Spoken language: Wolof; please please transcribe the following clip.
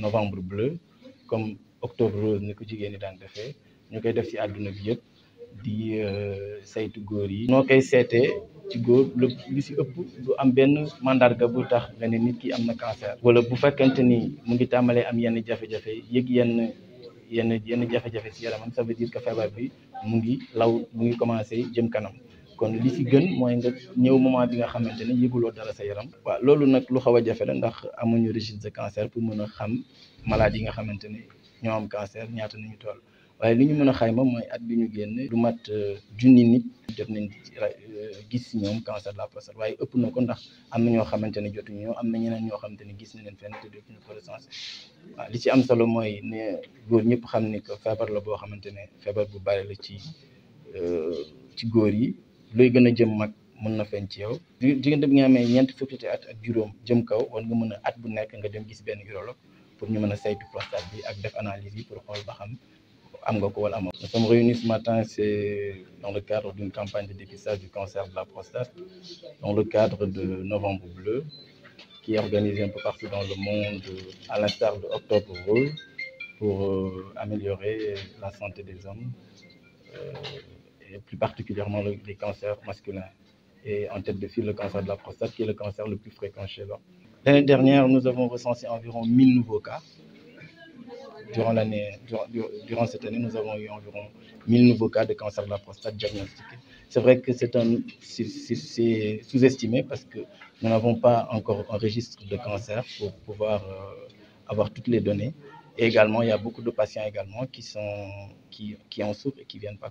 novembre bleu comme octobre rose ni ko jigéen ñi daan defee ñu koy def ci adduna bi yëpp di euh, saytu góor yi. noo koy seetee ci góor lu si ëpp du am benn mandarga bu tax nga ne nit ki am na cancer. wala bu fekkente ni mu ngi tàmbalee am yenn jafe-jafe yëg yenn yenn yenn jafe-jafe si yaramam ça veut dire que feebar bi mu ngi law mu ngi commencé jëm kanam. kon li ci gën mooy nga ñëw moment bi nga xamante ne yëguloo dara sa yaram waaw loolu nag lu xaw a jafe la ndax amuñu registre de cancer pour mën a xam malade yi nga xamante ne ñoo am cancer ñaata nañu toll waaye li ñu mën a xayma mooy at bi ñu génn lu mat euh, junni nit jot nañ euh, gis si ñoom cancer de la prostate waaye ëpp na ko ndax am na ñoo xamante ne jotuñu ñëw am na ñeneen ñoo xamante ne gis na leen fenn te jotuñu ko recensé waaw li ci am solo mooy ne góor ñëpp xam ni que feebar la boo xamante ne feebar bu bari la ci euh, ci góor yi luy gën a jëm mag mën na feeñ ci yow diggante bi nga amee ñeent fukki at ak juróom jëm kaw war nga mën a at bu nekk nga dem gis benn urologue pour ñu mën a saytu prostate bi ak def analyse bi pour xool ba xam am nga ko wala amoo nous sommes réunis ce matin c'est dans le cadre d'une campagne de dépistage du cancer de la prostate dans le cadre de Novembre bleu qui est organisé un peu partout dans le monde à l'instar de Octobre rose pour euh, améliorer la santé des hommes euh, et plus particulièrement le, les cancers masculins. Et en tête de file, le cancer de la prostate, qui est le cancer le plus fréquent chez L'année dernière, nous avons recensé environ nouveaux cas. Durant, cette année, nous avons eu nouveaux cas de cancer de la prostate diagnostiqués. C'est vrai que c'est, un, c'est, parce que nous n'avons pas encore un registre de cancer pour pouvoir euh, avoir toutes les données. Et également, il y a beaucoup de patients également qui, en souffrent et qui ne viennent pas